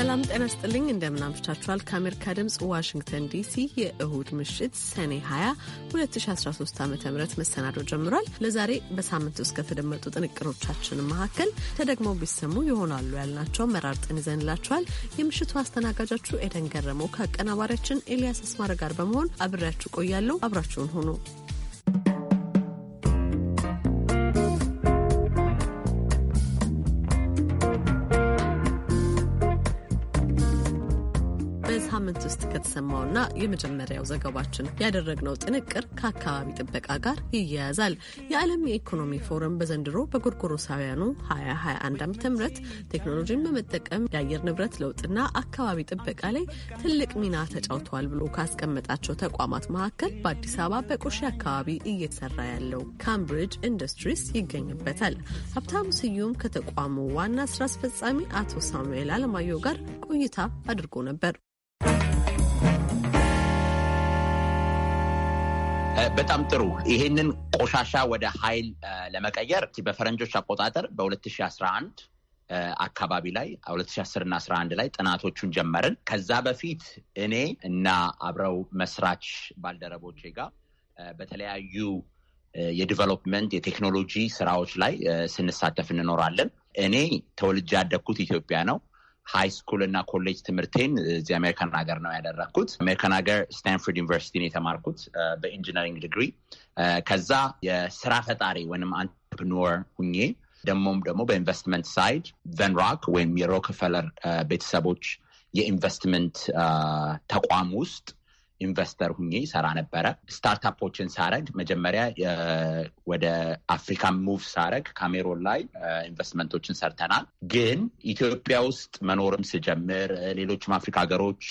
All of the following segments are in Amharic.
ሰላም ጤና ስጥልኝ። እንደምናምሽታችኋል። ከአሜሪካ ድምፅ ዋሽንግተን ዲሲ የእሁድ ምሽት ሰኔ 20 2013 ዓ ም መሰናዶ ጀምሯል። ለዛሬ በሳምንት ውስጥ ከተደመጡ ጥንቅሮቻችን መካከል ተደግመው ቢሰሙ ይሆናሉ ያልናቸው መራርጠን ይዘንላችኋል። የምሽቱ አስተናጋጃችሁ ኤደን ገረመው ከአቀናባሪያችን ኤልያስ አስማረ ጋር በመሆን አብሬያችሁ ቆያለሁ። አብራችሁን ሁኑ። መጽሔት ውስጥ ከተሰማውና የመጀመሪያው ዘገባችን ያደረግነው ጥንቅር ከአካባቢ ጥበቃ ጋር ይያያዛል። የዓለም የኢኮኖሚ ፎረም በዘንድሮ በጎርጎሮሳውያኑ 2021 ዓ.ም ቴክኖሎጂን በመጠቀም የአየር ንብረት ለውጥና አካባቢ ጥበቃ ላይ ትልቅ ሚና ተጫውተዋል ብሎ ካስቀመጣቸው ተቋማት መካከል በአዲስ አበባ በቆሼ አካባቢ እየተሰራ ያለው ካምብሪጅ ኢንዱስትሪስ ይገኝበታል። ሀብታሙ ስዩም ከተቋሙ ዋና ስራ አስፈጻሚ አቶ ሳሙኤል አለማየሁ ጋር ቆይታ አድርጎ ነበር። በጣም ጥሩ። ይሄንን ቆሻሻ ወደ ኃይል ለመቀየር በፈረንጆች አቆጣጠር በ2011 አካባቢ ላይ 2010 እና 11 ላይ ጥናቶቹን ጀመርን። ከዛ በፊት እኔ እና አብረው መስራች ባልደረቦቼ ጋር በተለያዩ የዲቨሎፕመንት የቴክኖሎጂ ስራዎች ላይ ስንሳተፍ እንኖራለን። እኔ ተወልጄ ያደግኩት ኢትዮጵያ ነው። ሃይ ስኩል እና ኮሌጅ ትምህርቴን እዚህ አሜሪካን ሀገር ነው ያደረግኩት። አሜሪካን ሀገር ስታንፎርድ ዩኒቨርሲቲን የተማርኩት በኢንጂነሪንግ ዲግሪ። ከዛ የስራ ፈጣሪ ወይም አንትርፕኖር ሁኜ ደግሞም ደግሞ በኢንቨስትመንት ሳይድ ቨንሮክ ወይም የሮክፈለር ቤተሰቦች የኢንቨስትመንት ተቋም ውስጥ ኢንቨስተር ሁኜ ሰራ ነበረ። ስታርታፖችን ሳረግ መጀመሪያ ወደ አፍሪካ ሙቭ ሳረግ ካሜሮን ላይ ኢንቨስትመንቶችን ሰርተናል። ግን ኢትዮጵያ ውስጥ መኖርም ስጀምር ሌሎችም አፍሪካ ሀገሮች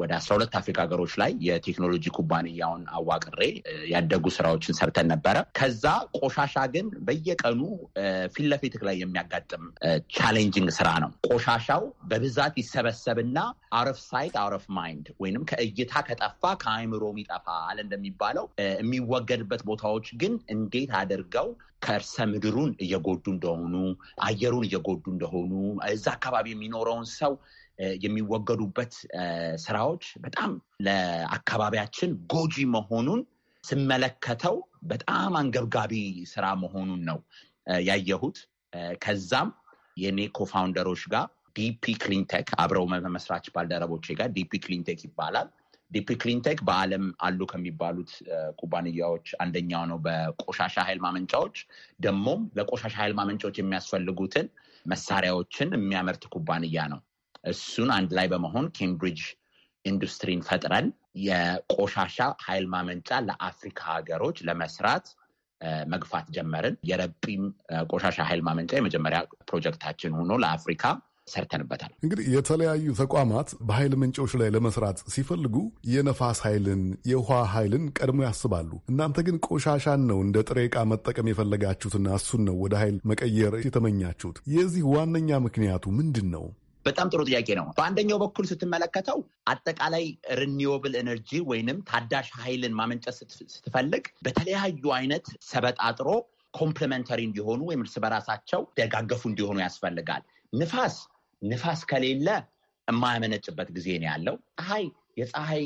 ወደ አስራ ሁለት አፍሪካ ሀገሮች ላይ የቴክኖሎጂ ኩባንያውን አዋቅሬ ያደጉ ስራዎችን ሰርተን ነበረ። ከዛ ቆሻሻ ግን በየቀኑ ፊት ለፊት ላይ የሚያጋጥም ቻሌንጂንግ ስራ ነው። ቆሻሻው በብዛት ይሰበሰብና አረፍ ሳይት አረፍ ማይንድ ወይንም ከእይታ ከጠፋ ከአእምሮ ይጠፋል እንደሚባለው የሚወገድበት ቦታዎች ግን እንዴት አድርገው ከርሰ ምድሩን እየጎዱ እንደሆኑ፣ አየሩን እየጎዱ እንደሆኑ እዛ አካባቢ የሚኖረውን ሰው የሚወገዱበት ስራዎች በጣም ለአካባቢያችን ጎጂ መሆኑን ስመለከተው በጣም አንገብጋቢ ስራ መሆኑን ነው ያየሁት። ከዛም የኔ ኮፋውንደሮች ጋር ዲፒ ክሊንቴክ አብረው መስራች ባልደረቦቼ ጋር ዲፒ ክሊንቴክ ይባላል ዲፕ ክሊንቴክ በዓለም አሉ ከሚባሉት ኩባንያዎች አንደኛው ነው። በቆሻሻ ኃይል ማመንጫዎች ደግሞም ለቆሻሻ ኃይል ማመንጫዎች የሚያስፈልጉትን መሳሪያዎችን የሚያመርት ኩባንያ ነው። እሱን አንድ ላይ በመሆን ኬምብሪጅ ኢንዱስትሪን ፈጥረን የቆሻሻ ኃይል ማመንጫ ለአፍሪካ ሀገሮች ለመስራት መግፋት ጀመርን። የረጲም ቆሻሻ ኃይል ማመንጫ የመጀመሪያ ፕሮጀክታችን ሆኖ ለአፍሪካ ሰርተንበታል። እንግዲህ የተለያዩ ተቋማት በኃይል ምንጮች ላይ ለመስራት ሲፈልጉ የነፋስ ኃይልን፣ የውሃ ኃይልን ቀድሞ ያስባሉ። እናንተ ግን ቆሻሻን ነው እንደ ጥሬ ዕቃ መጠቀም የፈለጋችሁትና እሱን ነው ወደ ኃይል መቀየር የተመኛችሁት። የዚህ ዋነኛ ምክንያቱ ምንድን ነው? በጣም ጥሩ ጥያቄ ነው። በአንደኛው በኩል ስትመለከተው አጠቃላይ ሪኒዌብል ኤነርጂ ወይንም ታዳሽ ኃይልን ማመንጨት ስትፈልግ በተለያዩ አይነት ሰበጣጥሮ ኮምፕሊመንተሪ እንዲሆኑ ወይም እርስ በራሳቸው ደጋገፉ እንዲሆኑ ያስፈልጋል። ንፋስ ንፋስ ከሌለ የማያመነጭበት ጊዜ ነው ያለው። ፀሐይ የፀሐይ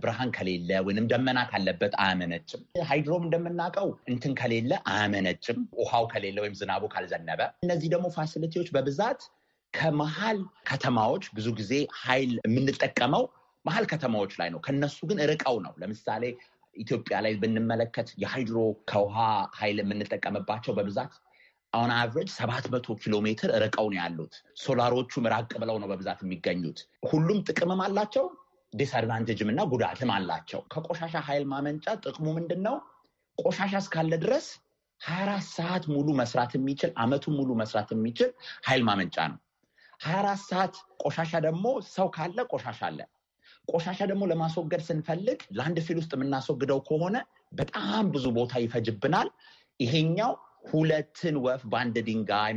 ብርሃን ከሌለ ወይንም ደመና ካለበት አያመነጭም። ሃይድሮም እንደምናውቀው እንትን ከሌለ አያመነጭም፣ ውሃው ከሌለ ወይም ዝናቡ ካልዘነበ። እነዚህ ደግሞ ፋሲሊቲዎች በብዛት ከመሀል ከተማዎች ብዙ ጊዜ ኃይል የምንጠቀመው መሀል ከተማዎች ላይ ነው። ከነሱ ግን ርቀው ነው። ለምሳሌ ኢትዮጵያ ላይ ብንመለከት የሃይድሮ ከውሃ ኃይል የምንጠቀምባቸው በብዛት አሁን አቨሬጅ ሰባት መቶ ኪሎ ሜትር ርቀው ነው ያሉት። ሶላሮቹ ራቅ ብለው ነው በብዛት የሚገኙት። ሁሉም ጥቅምም አላቸው፣ ዲስአድቫንቴጅም እና ጉዳትም አላቸው። ከቆሻሻ ኃይል ማመንጫ ጥቅሙ ምንድን ነው? ቆሻሻ እስካለ ድረስ ሀያ አራት ሰዓት ሙሉ መስራት የሚችል አመቱን ሙሉ መስራት የሚችል ኃይል ማመንጫ ነው። ሀያ አራት ሰዓት ቆሻሻ ደግሞ ሰው ካለ ቆሻሻ አለ። ቆሻሻ ደግሞ ለማስወገድ ስንፈልግ ለአንድ ፊል ውስጥ የምናስወግደው ከሆነ በጣም ብዙ ቦታ ይፈጅብናል። ይሄኛው ሁለትን ወፍ በአንድ ድንጋይ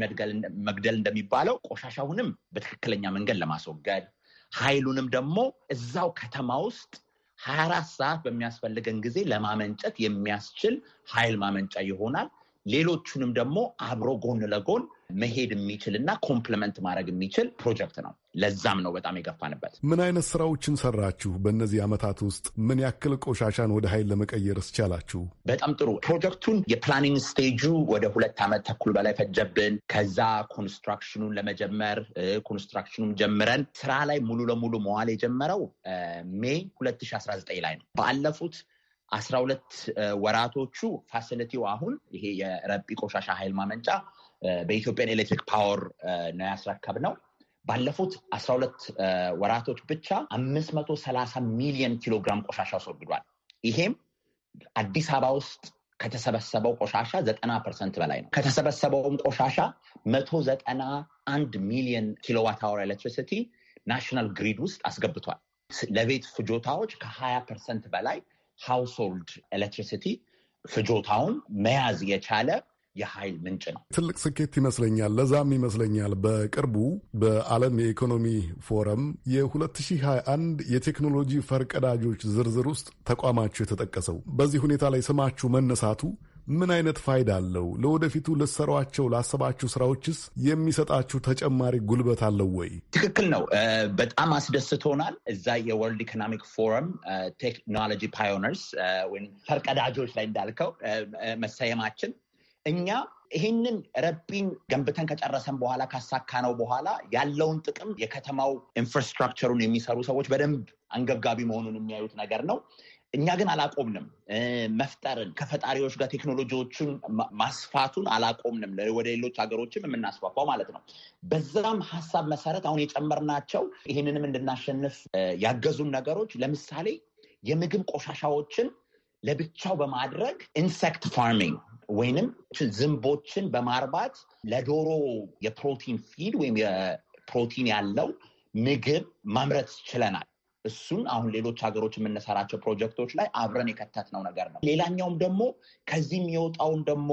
መግደል እንደሚባለው ቆሻሻውንም በትክክለኛ መንገድ ለማስወገድ ኃይሉንም ደግሞ እዛው ከተማ ውስጥ ሀያ አራት ሰዓት በሚያስፈልገን ጊዜ ለማመንጨት የሚያስችል ኃይል ማመንጫ ይሆናል። ሌሎቹንም ደግሞ አብሮ ጎን ለጎን መሄድ የሚችል እና ኮምፕለመንት ማድረግ የሚችል ፕሮጀክት ነው። ለዛም ነው በጣም የገፋንበት። ምን አይነት ስራዎችን ሰራችሁ? በእነዚህ ዓመታት ውስጥ ምን ያክል ቆሻሻን ወደ ኃይል ለመቀየር እስቻላችሁ? በጣም ጥሩ። ፕሮጀክቱን የፕላኒንግ ስቴጁ ወደ ሁለት ዓመት ተኩል በላይ ፈጀብን። ከዛ ኮንስትራክሽኑን ለመጀመር ኮንስትራክሽኑን ጀምረን ስራ ላይ ሙሉ ለሙሉ መዋል የጀመረው ሜይ 2019 ላይ ነው። ባለፉት አስራ ሁለት ወራቶቹ ፋሲሊቲው አሁን ይሄ የረቢ ቆሻሻ ሀይል ማመንጫ በኢትዮጵያን ኤሌክትሪክ ፓወር ነው ያስረከብ ነው። ባለፉት አስራ ሁለት ወራቶች ብቻ አምስት መቶ ሰላሳ ሚሊዮን ኪሎግራም ቆሻሻ አስወግዷል። ይሄም አዲስ አበባ ውስጥ ከተሰበሰበው ቆሻሻ ዘጠና ፐርሰንት በላይ ነው። ከተሰበሰበውም ቆሻሻ መቶ ዘጠና አንድ ሚሊዮን ኪሎዋት አወር ኤሌክትሪሲቲ ናሽናል ግሪድ ውስጥ አስገብቷል። ለቤት ፍጆታዎች ከሀያ ፐርሰንት በላይ ሃውስሆልድ ኤሌክትሪሲቲ ፍጆታውን መያዝ የቻለ የኃይል ምንጭ ነው። ትልቅ ስኬት ይመስለኛል። ለዛም ይመስለኛል በቅርቡ በዓለም የኢኮኖሚ ፎረም የ2021 የቴክኖሎጂ ፈርቀዳጆች ዝርዝር ውስጥ ተቋማችሁ የተጠቀሰው። በዚህ ሁኔታ ላይ ስማችሁ መነሳቱ ምን አይነት ፋይዳ አለው? ለወደፊቱ ልትሰሯቸው ላሰባችሁ ስራዎችስ የሚሰጣችሁ ተጨማሪ ጉልበት አለው ወይ? ትክክል ነው። በጣም አስደስቶናል። እዛ የወርልድ ኢኮኖሚክ ፎረም ቴክኖሎጂ ፓዮነርስ ወይም ፈርቀዳጆች ላይ እንዳልከው መሰየማችን እኛ ይህንን ረቢን ገንብተን ከጨረሰን በኋላ ካሳካነው በኋላ ያለውን ጥቅም የከተማው ኢንፍራስትራክቸሩን የሚሰሩ ሰዎች በደንብ አንገብጋቢ መሆኑን የሚያዩት ነገር ነው። እኛ ግን አላቆምንም። መፍጠርን ከፈጣሪዎች ጋር ቴክኖሎጂዎችን ማስፋቱን አላቆምንም። ወደ ሌሎች ሀገሮችም የምናስፋፋው ማለት ነው። በዛም ሀሳብ መሰረት አሁን የጨመርናቸው ይህንንም እንድናሸንፍ ያገዙን ነገሮች ለምሳሌ የምግብ ቆሻሻዎችን ለብቻው በማድረግ ኢንሴክት ፋርሚንግ ወይንም ዝንቦችን በማርባት ለዶሮ የፕሮቲን ፊድ ወይም የፕሮቲን ያለው ምግብ ማምረት ችለናል። እሱን አሁን ሌሎች ሀገሮች የምንሰራቸው ፕሮጀክቶች ላይ አብረን የከተትነው ነገር ነው። ሌላኛውም ደግሞ ከዚህ የሚወጣውን ደግሞ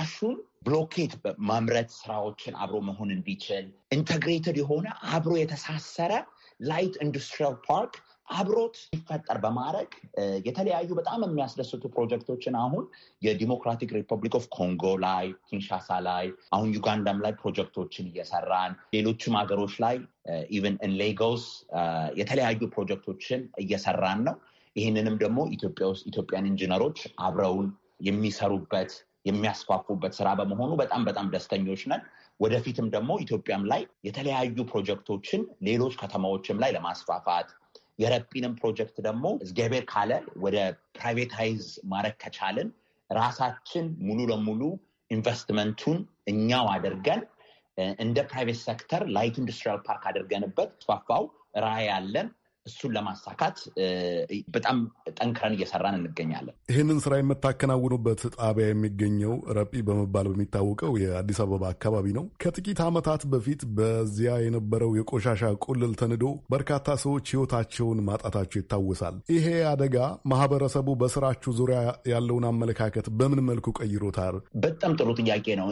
አሹን ብሎኬት ማምረት ስራዎችን አብሮ መሆን እንዲችል ኢንተግሬትድ የሆነ አብሮ የተሳሰረ ላይት ኢንዱስትሪያል ፓርክ አብሮት ሲፈጠር በማድረግ የተለያዩ በጣም የሚያስደስቱ ፕሮጀክቶችን አሁን የዲሞክራቲክ ሪፐብሊክ ኦፍ ኮንጎ ላይ፣ ኪንሻሳ ላይ፣ አሁን ዩጋንዳም ላይ ፕሮጀክቶችን እየሰራን ሌሎችም ሀገሮች ላይ ኢቨን ሌጎስ የተለያዩ ፕሮጀክቶችን እየሰራን ነው። ይህንንም ደግሞ ኢትዮጵያ ውስጥ ኢትዮጵያን ኢንጂነሮች አብረውን የሚሰሩበት የሚያስፋፉበት ስራ በመሆኑ በጣም በጣም ደስተኞች ነን። ወደፊትም ደግሞ ኢትዮጵያም ላይ የተለያዩ ፕሮጀክቶችን ሌሎች ከተማዎችም ላይ ለማስፋፋት የረጲንም ፕሮጀክት ደግሞ እግዚአብሔር ካለ ወደ ፕራይቬታይዝ ማድረግ ከቻልን ራሳችን ሙሉ ለሙሉ ኢንቨስትመንቱን እኛው አድርገን እንደ ፕራይቬት ሴክተር ላይት ኢንዱስትሪያል ፓርክ አድርገንበት ስፋፋው ራይ ያለን እሱን ለማሳካት በጣም ጠንክረን እየሰራን እንገኛለን። ይህንን ስራ የምታከናውኑበት ጣቢያ የሚገኘው ረጲ በመባል በሚታወቀው የአዲስ አበባ አካባቢ ነው። ከጥቂት ዓመታት በፊት በዚያ የነበረው የቆሻሻ ቁልል ተንዶ በርካታ ሰዎች ሕይወታቸውን ማጣታቸው ይታወሳል። ይሄ አደጋ ማህበረሰቡ በስራችሁ ዙሪያ ያለውን አመለካከት በምን መልኩ ቀይሮታል? በጣም ጥሩ ጥያቄ ነው።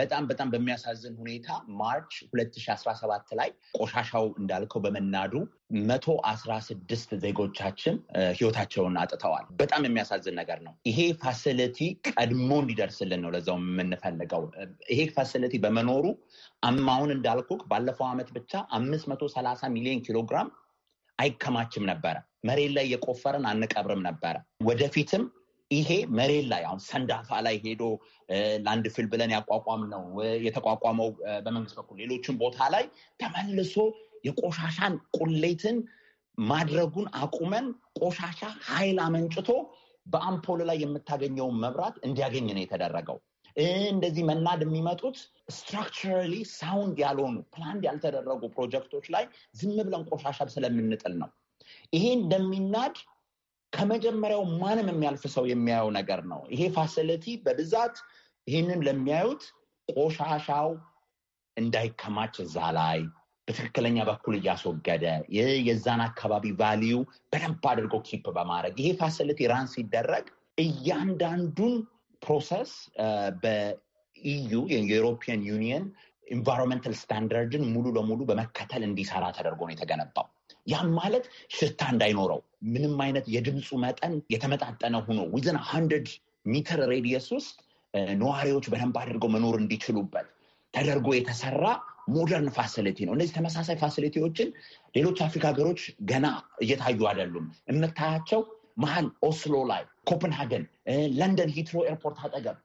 በጣም በጣም በሚያሳዝን ሁኔታ ማርች 2017 ላይ ቆሻሻው እንዳልከው በመናዱ መቶ አስራ ስድስት ዜጎቻችን ህይወታቸውን አጥተዋል። በጣም የሚያሳዝን ነገር ነው። ይሄ ፋሲሊቲ ቀድሞ እንዲደርስልን ነው ለዛው የምንፈልገው። ይሄ ፋሲሊቲ በመኖሩ አማሁን እንዳልኩ ባለፈው ዓመት ብቻ አምስት መቶ ሰላሳ ሚሊዮን ኪሎ ግራም አይከማችም ነበረ። መሬት ላይ የቆፈረን አንቀብርም ነበረ። ወደፊትም ይሄ መሬት ላይ አሁን ሰንዳፋ ላይ ሄዶ ለአንድ ፊል ብለን ያቋቋም ነው የተቋቋመው በመንግስት በኩል ሌሎችን ቦታ ላይ ተመልሶ የቆሻሻን ቁሌትን ማድረጉን አቁመን ቆሻሻ ኃይል አመንጭቶ በአምፖል ላይ የምታገኘውን መብራት እንዲያገኝ ነው የተደረገው። እንደዚህ መናድ የሚመጡት ስትራክቸራሊ ሳውንድ ያልሆኑ ፕላንድ ያልተደረጉ ፕሮጀክቶች ላይ ዝም ብለን ቆሻሻ ስለምንጥል ነው። ይሄ እንደሚናድ ከመጀመሪያው ማንም የሚያልፍ ሰው የሚያየው ነገር ነው። ይሄ ፋሲሊቲ በብዛት ይህንን ለሚያዩት ቆሻሻው እንዳይከማች እዛ ላይ በትክክለኛ በኩል እያስወገደ የዛን አካባቢ ቫሊዩ በደንብ አድርጎ ኪፕ በማድረግ ይሄ ፋሲሊቲ ራን ሲደረግ እያንዳንዱን ፕሮሰስ በኢዩ የዩሮፒያን ዩኒየን ኢንቫይሮንመንታል ስታንዳርድን ሙሉ ለሙሉ በመከተል እንዲሰራ ተደርጎ ነው የተገነባው። ያም ማለት ሽታ እንዳይኖረው ምንም አይነት የድምፁ መጠን የተመጣጠነ ሆኖ ዊዝን ሀንድርድ ሚተር ሬዲየስ ውስጥ ነዋሪዎች በደንብ አድርገው መኖር እንዲችሉበት ተደርጎ የተሰራ ሞደርን ፋሲሊቲ ነው። እነዚህ ተመሳሳይ ፋሲሊቲዎችን ሌሎች አፍሪካ ሀገሮች ገና እየታዩ አይደሉም። የምታያቸው መሀል ኦስሎ ላይ፣ ኮፐንሃገን፣ ለንደን ሂትሮ ኤርፖርት አጠገብ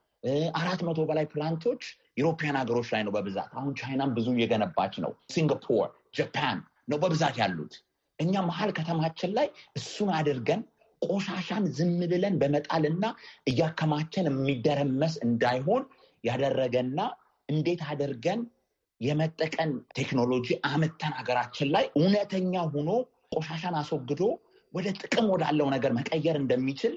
አራት መቶ በላይ ፕላንቶች ዩሮፒያን ሀገሮች ላይ ነው በብዛት። አሁን ቻይናም ብዙ እየገነባች ነው። ሲንጋፖር፣ ጃፓን ነው በብዛት ያሉት። እኛ መሀል ከተማችን ላይ እሱን አድርገን ቆሻሻን ዝም ብለን በመጣልና እያከማቸን የሚደረመስ እንዳይሆን ያደረገና እንዴት አድርገን የመጠቀም ቴክኖሎጂ አመተን ሀገራችን ላይ እውነተኛ ሆኖ ቆሻሻን አስወግዶ ወደ ጥቅም ወዳለው ነገር መቀየር እንደሚችል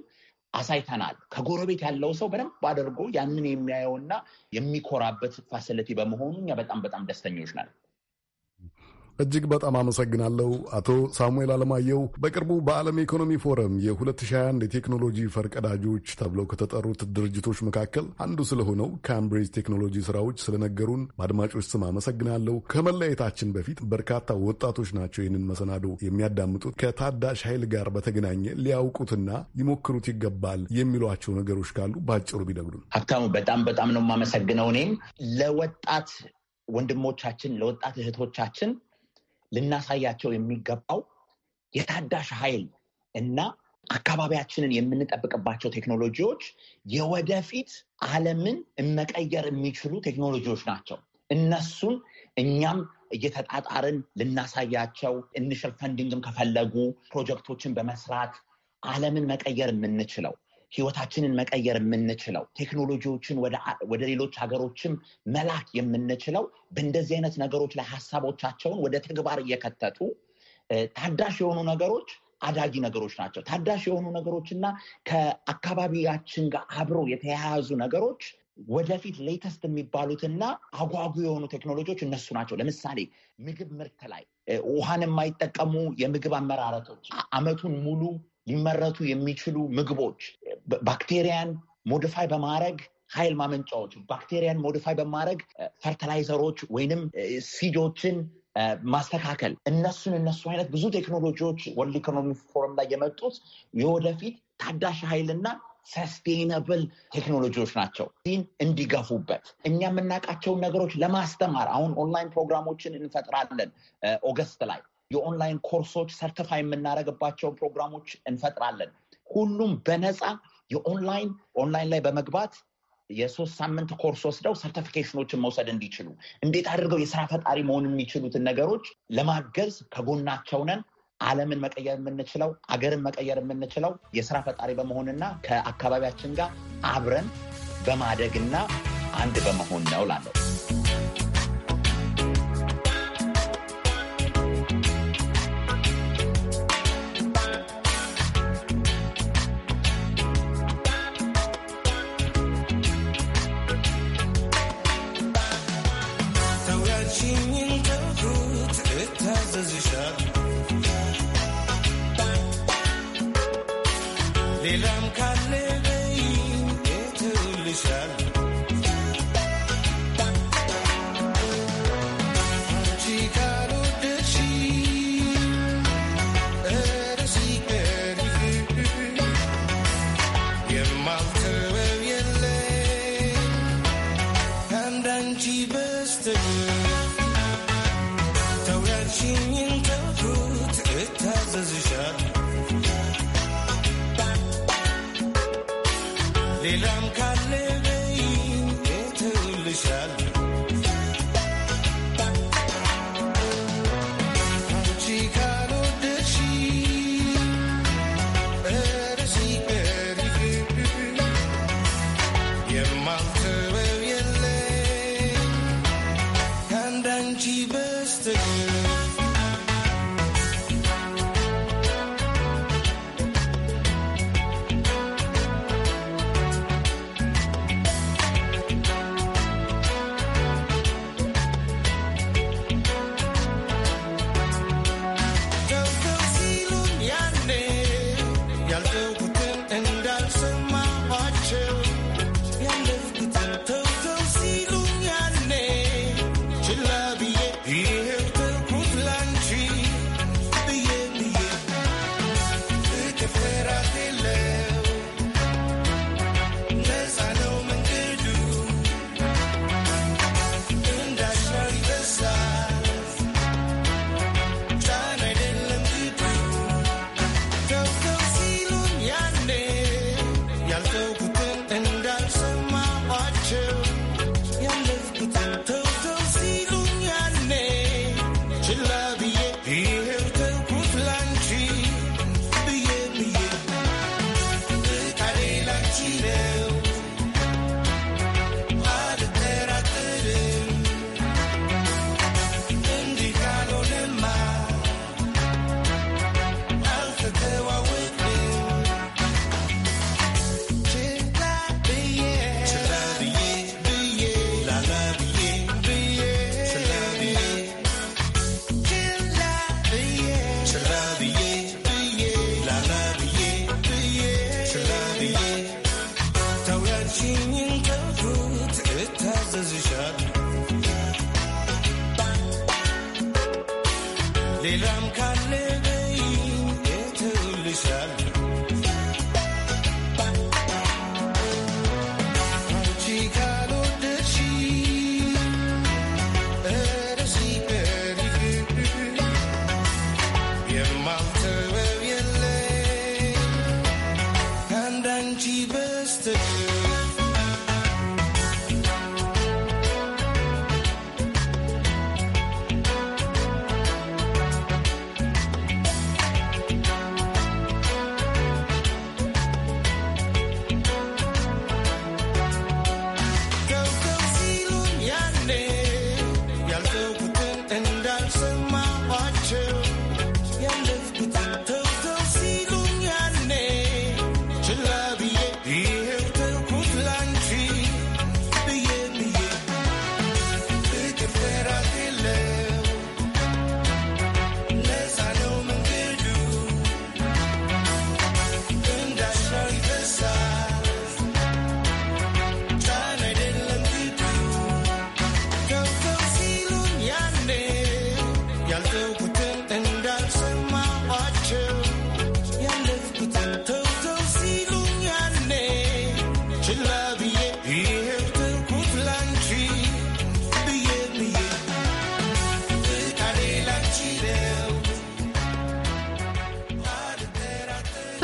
አሳይተናል። ከጎረቤት ያለው ሰው በደንብ አድርጎ ያንን የሚያየውና የሚኮራበት ፋሲሊቲ በመሆኑ እኛ በጣም በጣም ደስተኞች ናል። እጅግ በጣም አመሰግናለሁ አቶ ሳሙኤል አለማየሁ። በቅርቡ በዓለም ኢኮኖሚ ፎረም የ2021 የቴክኖሎጂ ፈርቀዳጆች ተብለው ከተጠሩት ድርጅቶች መካከል አንዱ ስለሆነው ካምብሪጅ ቴክኖሎጂ ስራዎች ስለነገሩን በአድማጮች ስም አመሰግናለሁ። ከመለያየታችን በፊት በርካታ ወጣቶች ናቸው ይህንን መሰናዶ የሚያዳምጡት። ከታዳሽ ኃይል ጋር በተገናኘ ሊያውቁትና ሊሞክሩት ይገባል የሚሏቸው ነገሮች ካሉ በአጭሩ ቢነግሩን። ሀብታሙ በጣም በጣም ነው የማመሰግነው። እኔም ለወጣት ወንድሞቻችን ለወጣት እህቶቻችን ልናሳያቸው የሚገባው የታዳሽ ኃይል እና አካባቢያችንን የምንጠብቅባቸው ቴክኖሎጂዎች የወደፊት ዓለምን መቀየር የሚችሉ ቴክኖሎጂዎች ናቸው። እነሱን እኛም እየተጣጣርን ልናሳያቸው ኢኒሽል ፈንዲንግም ከፈለጉ ፕሮጀክቶችን በመስራት ዓለምን መቀየር የምንችለው ህይወታችንን መቀየር የምንችለው ቴክኖሎጂዎችን ወደ ሌሎች ሀገሮችም መላክ የምንችለው በእንደዚህ አይነት ነገሮች ላይ ሀሳቦቻቸውን ወደ ተግባር እየከተቱ ታዳሽ የሆኑ ነገሮች አዳጊ ነገሮች ናቸው። ታዳሽ የሆኑ ነገሮች እና ከአካባቢያችን ጋር አብረው የተያያዙ ነገሮች ወደፊት ሌተስት የሚባሉትና አጓጉ የሆኑ ቴክኖሎጂዎች እነሱ ናቸው። ለምሳሌ ምግብ ምርት ላይ ውሃን የማይጠቀሙ የምግብ አመራረቶች አመቱን ሙሉ ሊመረቱ የሚችሉ ምግቦች ባክቴሪያን ሞዲፋይ በማድረግ ኃይል ማመንጫዎች ባክቴሪያን ሞዲፋይ በማድረግ ፈርታላይዘሮች ወይንም ሲጆችን ማስተካከል እነሱን እነሱ አይነት ብዙ ቴክኖሎጂዎች ወርልድ ኢኮኖሚ ፎረም ላይ የመጡት የወደፊት ታዳሽ ኃይልና ሰስቴናብል ቴክኖሎጂዎች ናቸው። ይህን እንዲገፉበት እኛ የምናውቃቸውን ነገሮች ለማስተማር አሁን ኦንላይን ፕሮግራሞችን እንፈጥራለን ኦገስት ላይ የኦንላይን ኮርሶች ሰርተፋይ የምናደርግባቸውን ፕሮግራሞች እንፈጥራለን። ሁሉም በነፃ የኦንላይን ኦንላይን ላይ በመግባት የሶስት ሳምንት ኮርስ ወስደው ሰርቲፊኬሽኖችን መውሰድ እንዲችሉ እንዴት አድርገው የስራ ፈጣሪ መሆን የሚችሉትን ነገሮች ለማገዝ ከጎናቸው ነን። ዓለምን መቀየር የምንችለው አገርን መቀየር የምንችለው የስራ ፈጣሪ በመሆንና ከአካባቢያችን ጋር አብረን በማደግና አንድ በመሆን ነው ላለው you şad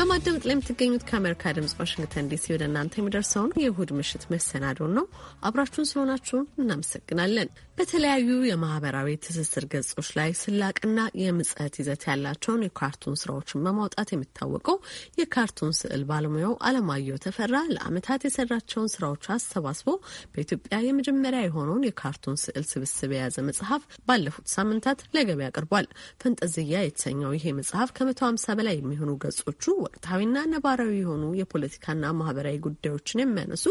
በማዳመጥ ላይ የምትገኙት ከአሜሪካ ድምጽ ዋሽንግተን ዲሲ ወደ እናንተ የሚደርሰውን የእሁድ ምሽት መሰናዶን ነው። አብራችሁን ስለሆናችሁን እናመሰግናለን። በተለያዩ የማህበራዊ ትስስር ገጾች ላይ ስላቅና የምጽት ይዘት ያላቸውን የካርቱን ስራዎችን በማውጣት የሚታወቀው የካርቱን ስዕል ባለሙያው አለማየሁ ተፈራ ለአመታት የሰራቸውን ስራዎች አሰባስቦ በኢትዮጵያ የመጀመሪያ የሆነውን የካርቱን ስዕል ስብስብ የያዘ መጽሐፍ ባለፉት ሳምንታት ለገበያ አቅርቧል። ፈንጠዝያ የተሰኘው ይሄ መጽሐፍ ከመቶ ሃምሳ በላይ የሚሆኑ ገጾቹ ወቅታዊና ነባራዊ የሆኑ የፖለቲካና ማህበራዊ ጉዳዮችን የሚያነሱ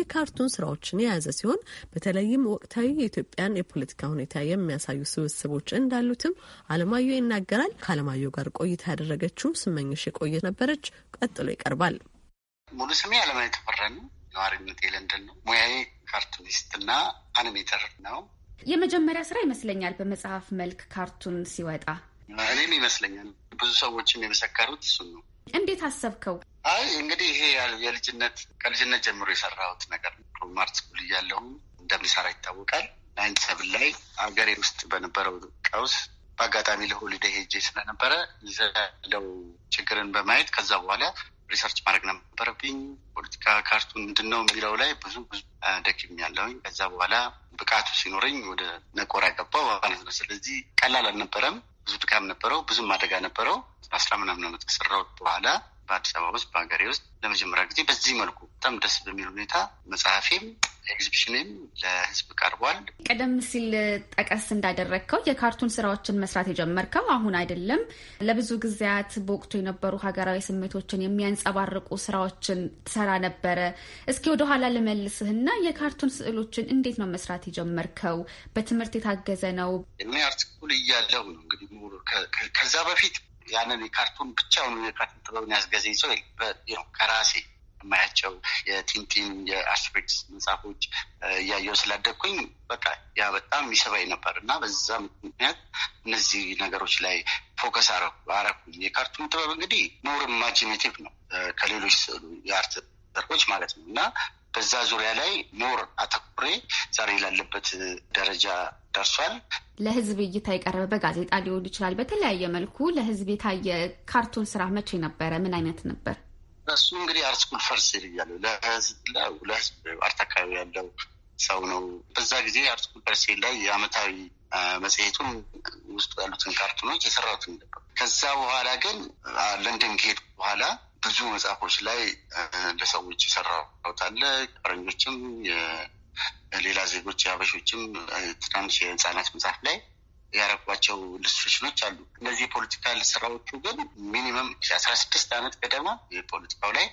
የካርቱን ስራዎችን የያዘ ሲሆን በተለይም ወቅታዊ የኢትዮጵያን የፖለቲካ ሁኔታ የሚያሳዩ ስብስቦች እንዳሉትም አለማየሁ ይናገራል። ከአለማየሁ ጋር ቆይታ ያደረገችው ስመኝሽ የቆየ ነበረች። ቀጥሎ ይቀርባል። ሙሉ ስሜ አለማየሁ ተፈራ ነው። ነዋሪነት የለንደን ነው። ሙያዬ ካርቱኒስት አኒሜተር ነው። የመጀመሪያ ስራ ይመስለኛል በመጽሐፍ መልክ ካርቱን ሲወጣ እኔም ይመስለኛል ብዙ ሰዎችም የመሰከሩት እሱን ነው። እንዴት አሰብከው? አይ እንግዲህ ይሄ የልጅነት ከልጅነት ጀምሮ የሰራሁት ነገር ማርት ስኩል እያለሁ እንደምሰራ ይታወቃል። ናይን ሰብን ላይ ሀገሬ ውስጥ በነበረው ቀውስ በአጋጣሚ ለሆሊዴ ሄጄ ስለነበረ ይዘለው ችግርን በማየት ከዛ በኋላ ሪሰርች ማድረግ ነበረብኝ። ፖለቲካ ካርቱን ምንድን ነው የሚለው ላይ ብዙ ብዙ ደክም ያለውኝ። ከዛ በኋላ ብቃቱ ሲኖረኝ ወደ ነቆራ ገባው ማለት ነው። ስለዚህ ቀላል አልነበረም። ብዙ ድካም ነበረው፣ ብዙም አደጋ ነበረው። አስራ ምናምን ዓመት ከሰራሁት በኋላ በአዲስ አበባ ውስጥ በሀገሬ ውስጥ ለመጀመሪያ ጊዜ በዚህ መልኩ በጣም ደስ በሚል ሁኔታ መጽሐፌም ኤግዚቢሽንም ለህዝብ ቀርቧል። ቀደም ሲል ጠቀስ እንዳደረግከው የካርቱን ስራዎችን መስራት የጀመርከው አሁን አይደለም። ለብዙ ጊዜያት በወቅቱ የነበሩ ሀገራዊ ስሜቶችን የሚያንጸባርቁ ስራዎችን ትሰራ ነበረ። እስኪ ወደኋላ ልመልስህና የካርቱን ስዕሎችን እንዴት ነው መስራት የጀመርከው? በትምህርት የታገዘ ነው? እኔ አርት እያለሁ ነው እንግዲህ ከዛ በፊት ያንን የካርቱን ብቻውን የካርቱን ጥበብን ያስገዘኝ ሰው ከራሴ የማያቸው የቲንቲን የአስትሪክስ መጽሐፎች እያየው ስላደግኩኝ በቃ ያ በጣም ይሰባይ ነበር እና በዛ ምክንያት እነዚህ ነገሮች ላይ ፎከስ አረኩኝ። የካርቱን ጥበብ እንግዲህ ሞር ኢማጂኔቲቭ ነው ከሌሎች ስዕሉ የአርት ዘርፎች ማለት ነው እና በዛ ዙሪያ ላይ ሞር አተኩሬ ዛሬ ላለበት ደረጃ ደርሷል። ለህዝብ እይታ የቀረበ በጋዜጣ ሊሆን ይችላል። በተለያየ መልኩ ለህዝብ የታየ ካርቱን ስራ መቼ ነበረ? ምን አይነት ነበር? እሱ እንግዲህ አርት ስኩል ፈርስ ይልያለሁ ለህዝብ አርት አካባቢ ያለው ሰው ነው። በዛ ጊዜ አርት ስኩል ፈርስ ላይ የአመታዊ መጽሔቱን ውስጡ ያሉትን ካርቱኖች የሰራሁትን ከዛ በኋላ ግን ለንደን ከሄድኩ በኋላ ብዙ መጽሐፎች ላይ ለሰዎች የሰራሁት አለ። ፈረንጆችም ሌላ ዜጎች የሀበሾችም ትናንሽ የህፃናት መጽሐፍ ላይ ያረጓቸው ኢሉስትሬሽኖች አሉ። እነዚህ የፖለቲካል ስራዎቹ ግን ሚኒመም አስራ ስድስት ዓመት ገደማ የፖለቲካው ላይ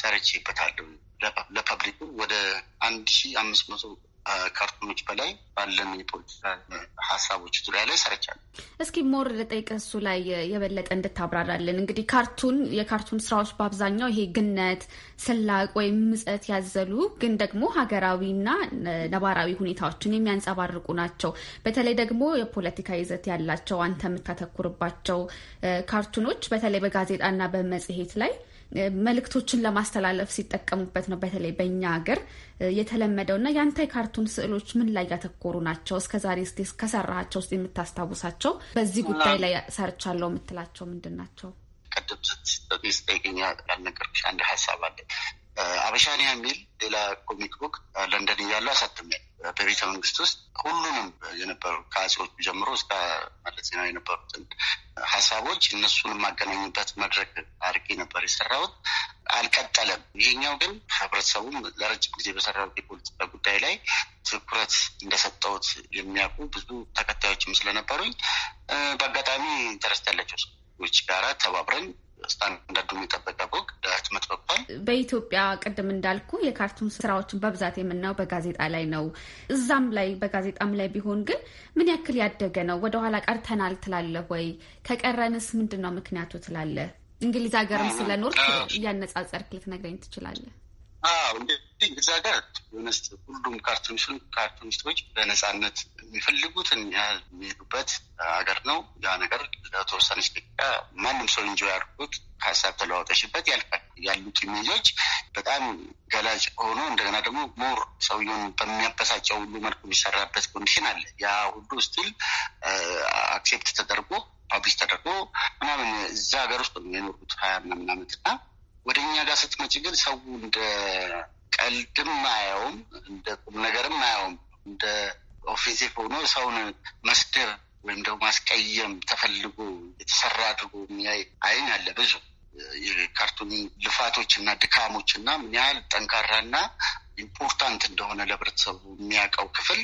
ሰርቼበታለሁ። ለፐብሊኩ ወደ አንድ ሺ አምስት መቶ ካርቱኖች በላይ ባለን የፖለቲካ ሀሳቦች ዙሪያ ላይ ሰርቻለሁ። እስኪ ሞር ልጠይቅ እሱ ላይ የበለጠ እንድታብራራለን። እንግዲህ ካርቱን የካርቱን ስራዎች በአብዛኛው ይሄ ግነት፣ ስላቅ ወይም ምጸት ያዘሉ ግን ደግሞ ሀገራዊና ነባራዊ ሁኔታዎችን የሚያንጸባርቁ ናቸው። በተለይ ደግሞ የፖለቲካ ይዘት ያላቸው አንተ የምታተኩርባቸው ካርቱኖች በተለይ በጋዜጣና በመጽሔት ላይ መልእክቶችን ለማስተላለፍ ሲጠቀሙበት ነው። በተለይ በእኛ ሀገር የተለመደው እና የአንተ የካርቱን ስዕሎች ምን ላይ ያተኮሩ ናቸው? እስከ ዛሬ ስ ከሰራሃቸው ውስጥ የምታስታውሳቸው በዚህ ጉዳይ ላይ ሰርቻለሁ የምትላቸው ምንድን ናቸው? ቅድም ስጠይቅኛ ያልነገርኩሽ አንድ ሀሳብ አለ። አበሻኒያ የሚል ሌላ ኮሚክ ቡክ ለንደን እያለ አሳትሜያለሁ። በቤተ መንግስት ውስጥ ሁሉንም የነበሩ ከአጼዎቹ ጀምሮ እስከ መለስ ዜናዊ የነበሩትን ሀሳቦች እነሱን የማገናኙበት መድረክ አድርጌ ነበር የሰራሁት። አልቀጠለም። ይሄኛው ግን ህብረተሰቡም ለረጅም ጊዜ በሰራው የፖለቲካ ጉዳይ ላይ ትኩረት እንደሰጠሁት የሚያውቁ ብዙ ተከታዮችም ስለነበሩኝ በአጋጣሚ ኢንተረስት ያላቸው ሰዎች ጋራ ተባብረን ስታንዳርዱ የጠበቀ ቦግ ህትመት በኳል በኢትዮጵያ ቅድም እንዳልኩ የካርቱን ስራዎችን በብዛት የምናየው በጋዜጣ ላይ ነው። እዛም ላይ በጋዜጣም ላይ ቢሆን ግን ምን ያክል ያደገ ነው? ወደኋላ ቀርተናል ትላለህ ወይ? ከቀረንስ ምንድን ነው ምክንያቱ ትላለህ? እንግሊዝ ሀገርም ስለኖር እያነጻጸርክ ልትነግረኝ ትችላለህ? አዎ እንግዲህ እዛ ጋር ሆነስ ሁሉም ካርቱኒስት ካርቱኒስቶች በነፃነት የሚፈልጉትን ያህል የሚሄዱበት ሀገር ነው። ያ ነገር ለተወሰነ ደቂቃ ማንም ሰው እንጂ ያርጉት ከሀሳብ ተለዋውጠሽበት ያልፋል። ያሉት ኢሜጆች በጣም ገላጭ ሆኖ እንደገና ደግሞ ሞር ሰውየውን በሚያበሳጨው ሁሉ መልኩ የሚሰራበት ኮንዲሽን አለ። ያ ሁሉ ስቲል አክሴፕት ተደርጎ ፓብሊሽ ተደርጎ ምናምን እዛ ሀገር ውስጥ ነው የኖሩት ሀያ ምናምን አመት እና ወደ እኛ ጋር ስትመጪ ግን ሰው እንደ ቀልድም አየውም፣ እንደ ቁም ነገርም አየውም። እንደ ኦፌንሲቭ ሆኖ ሰውን መስደብ ወይም ደግሞ ማስቀየም ተፈልጎ የተሰራ አድርጎ የሚያይ አይን አለ ብዙ የካርቱን ልፋቶች እና ድካሞች እና ምን ያህል ጠንካራና ኢምፖርታንት እንደሆነ ለህብረተሰቡ የሚያውቀው ክፍል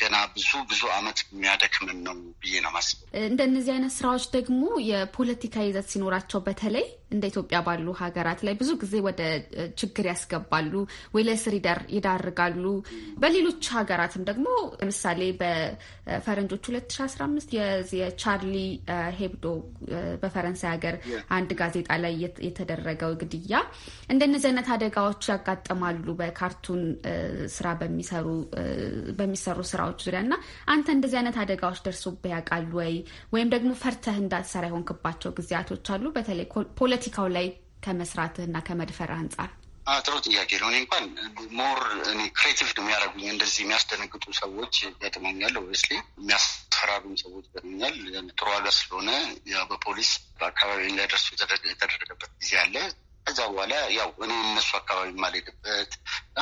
ገና ብዙ ብዙ አመት የሚያደክምን ነው ብዬ ነው ማስበው። እንደነዚህ አይነት ስራዎች ደግሞ የፖለቲካ ይዘት ሲኖራቸው በተለይ እንደ ኢትዮጵያ ባሉ ሀገራት ላይ ብዙ ጊዜ ወደ ችግር ያስገባሉ ወይ ለእስር ይዳርጋሉ። በሌሎች ሀገራትም ደግሞ ለምሳሌ በፈረንጆች 2015 የቻርሊ ሄብዶ በፈረንሳይ ሀገር አንድ ጋዜጣ ላይ የተደረገው ግድያ እንደነዚህ አይነት አደጋዎች ያጋጠማሉ በካርቱ የቤቱን ስራ በሚሰሩ በሚሰሩ ስራዎች ዙሪያ እና አንተ እንደዚህ አይነት አደጋዎች ደርሶብህ ያውቃል ወይ? ወይም ደግሞ ፈርተህ እንዳትሰራ የሆንክባቸው ጊዜያቶች አሉ? በተለይ ፖለቲካው ላይ ከመስራትህ እና ከመድፈር አንጻር። ጥሩ ጥያቄ ነው። እኔ እንኳን ሞር እኔ ክሬቲቭ ነው የሚያደርጉኝ። እንደዚህ የሚያስደነግጡ ሰዎች ገጥመኛል፣ ኦብስሊ የሚያስፈራሩኝ ሰዎች ገጥመኛል። ጥሩ ዋጋ ስለሆነ በፖሊስ በአካባቢ እንዳይደርሱ የተደረገበት ጊዜ አለ። ከዛ በኋላ ያው እኔ እነሱ አካባቢ ማልሄድበት እና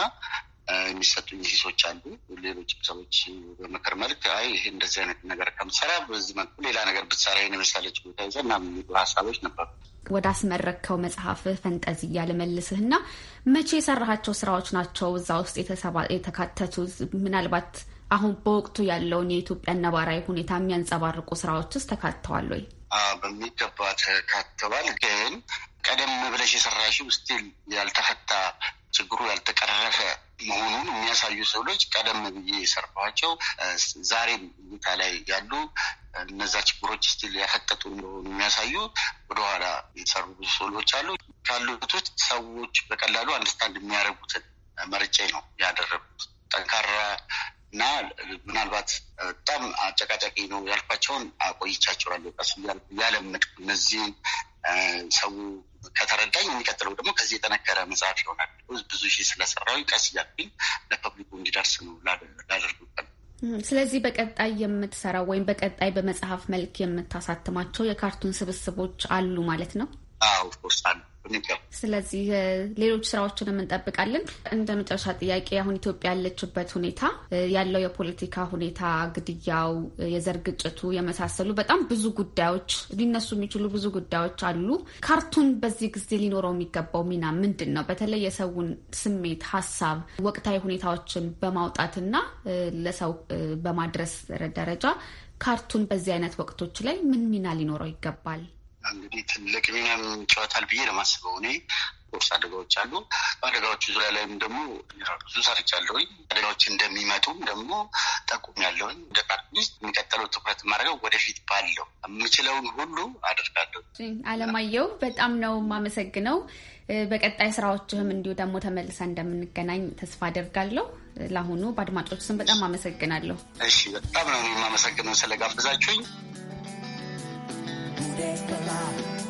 የሚሰጡኝ ሂሶች አሉ። ሌሎች ሰዎች በምክር መልክ አይ ይሄ እንደዚህ አይነት ነገር ከምሰራ በዚህ መልኩ ሌላ ነገር ብትሰራ ይሄን የመሰለ ችሎታ ይዘህ እና የሚሉ ሀሳቦች ነበሩ። ወደ አስመረከው መጽሐፍህ ፈንጠዝያ ልመልስህ እና መቼ የሰራሃቸው ስራዎች ናቸው እዛ ውስጥ የተካተቱት? ምናልባት አሁን በወቅቱ ያለውን የኢትዮጵያ ነባራዊ ሁኔታ የሚያንጸባርቁ ስራዎች ውስጥ ተካትተዋል ወይ? በሚገባ ተካተዋል። ግን ቀደም ብለሽ የሰራሽው ስቲል ያልተፈታ ችግሩ ያልተቀረፈ መሆኑን የሚያሳዩ ሰዎች ቀደም ብዬ የሰራኋቸው ዛሬም ቦታ ላይ ያሉ እነዛ ችግሮች ስቲል ያፈጠጡ እንደሆኑ የሚያሳዩ ወደኋላ የተሰሩ ብዙ ሰዎች አሉ። ካሉት ውስጥ ሰዎች በቀላሉ አንድስታንድ የሚያደርጉትን መርጬ ነው ያደረጉት። ጠንካራ እና ምናልባት በጣም አጨቃጫቂ ነው ያልኳቸውን አቆይቻቸዋለሁ። ቀስ እያልኩ እያለመድኩ እነዚህን ሰው ከተረዳኝ የሚቀጥለው ደግሞ ከዚህ የጠነከረ መጽሐፍ ይሆናል። ብዙ ሺህ ስለሰራሁኝ ቀስ እያልኩኝ ለፐብሊኩ እንዲደርስ ነው ላደርጉ። ስለዚህ በቀጣይ የምትሰራው ወይም በቀጣይ በመጽሐፍ መልክ የምታሳትማቸው የካርቱን ስብስቦች አሉ ማለት ነው? ኦፍኮርስ አሉ። ስለዚህ ሌሎች ስራዎችንም እንጠብቃለን። እንደ መጨረሻ ጥያቄ አሁን ኢትዮጵያ ያለችበት ሁኔታ ያለው የፖለቲካ ሁኔታ፣ ግድያው፣ የዘር ግጭቱ የመሳሰሉ በጣም ብዙ ጉዳዮች ሊነሱ የሚችሉ ብዙ ጉዳዮች አሉ። ካርቱን በዚህ ጊዜ ሊኖረው የሚገባው ሚና ምንድን ነው? በተለይ የሰውን ስሜት፣ ሀሳብ፣ ወቅታዊ ሁኔታዎችን በማውጣትና ለሰው በማድረስ ደረጃ ካርቱን በዚህ አይነት ወቅቶች ላይ ምን ሚና ሊኖረው ይገባል? እንግዲህ ትልቅ ሚናም ጨዋታል ብዬ ለማስበው እኔ ቦርስ አደጋዎች አሉ። በአደጋዎቹ ዙሪያ ላይም ደግሞ ብዙ ሰርች ያለውኝ አደጋዎች እንደሚመጡም ደግሞ ጠቁም ያለውኝ እንደ ፓርቲስት የሚቀጥለው ትኩረት ማድረገው ወደፊት ባለው የምችለውን ሁሉ አድርጋለሁ። አለማየሁ በጣም ነው የማመሰግነው። በቀጣይ ስራዎችህም እንዲሁ ደግሞ ተመልሰ እንደምንገናኝ ተስፋ አደርጋለሁ። ለአሁኑ በአድማጮች ስም በጣም አመሰግናለሁ። እሺ፣ በጣም ነው የማመሰግነው ስለጋብዛችሁኝ። take a lot.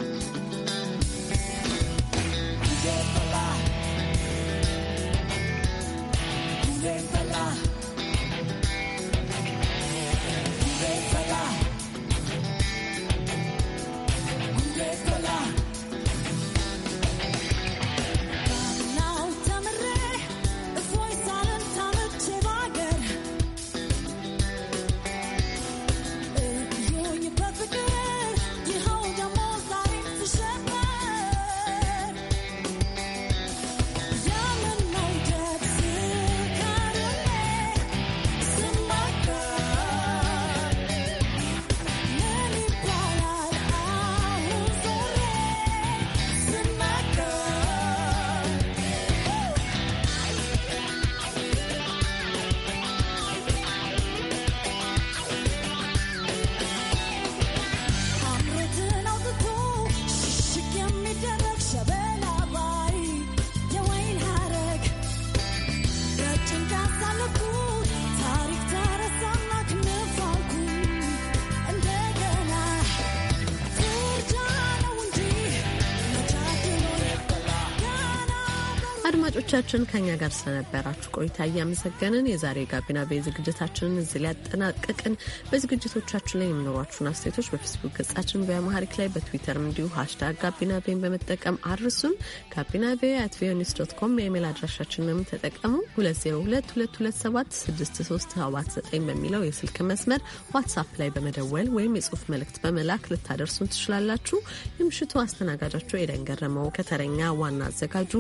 አድማጮቻችን ከኛ ጋር ስለነበራችሁ ቆይታ እያመሰገንን የዛሬ ጋቢና ቤ ዝግጅታችንን እዚ ላይ ያጠናቀቅን። በዝግጅቶቻችን ላይ የሚኖሯችሁን አስተያየቶች በፌስቡክ ገጻችን በማሪክ ላይ በትዊተርም እንዲሁ ሀሽታግ ጋቢና ቤን በመጠቀም አድርሱን። ጋቢና ቤ አት ቪኦኤ ኒውስ ዶት ኮም የኢሜል አድራሻችንንም ተጠቀሙ። 2022276379 በሚለው የስልክ መስመር ዋትሳፕ ላይ በመደወል ወይም የጽሁፍ መልእክት በመላክ ልታደርሱን ትችላላችሁ። የምሽቱ አስተናጋጃቸው ኤደን ገረመው ከተረኛ ዋና አዘጋጁ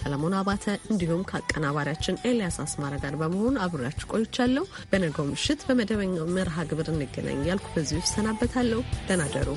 ሰለሞን አባተ እንዲሁም ከአቀናባሪያችን ኤልያስ አስማራ ጋር በመሆን አብሬያችሁ ቆይቻለሁ። በነገው ምሽት በመደበኛው መርሃ ግብር እንገናኝ ያልኩ በዚሁ ይሰናበታለሁ። ደህና ደሩ።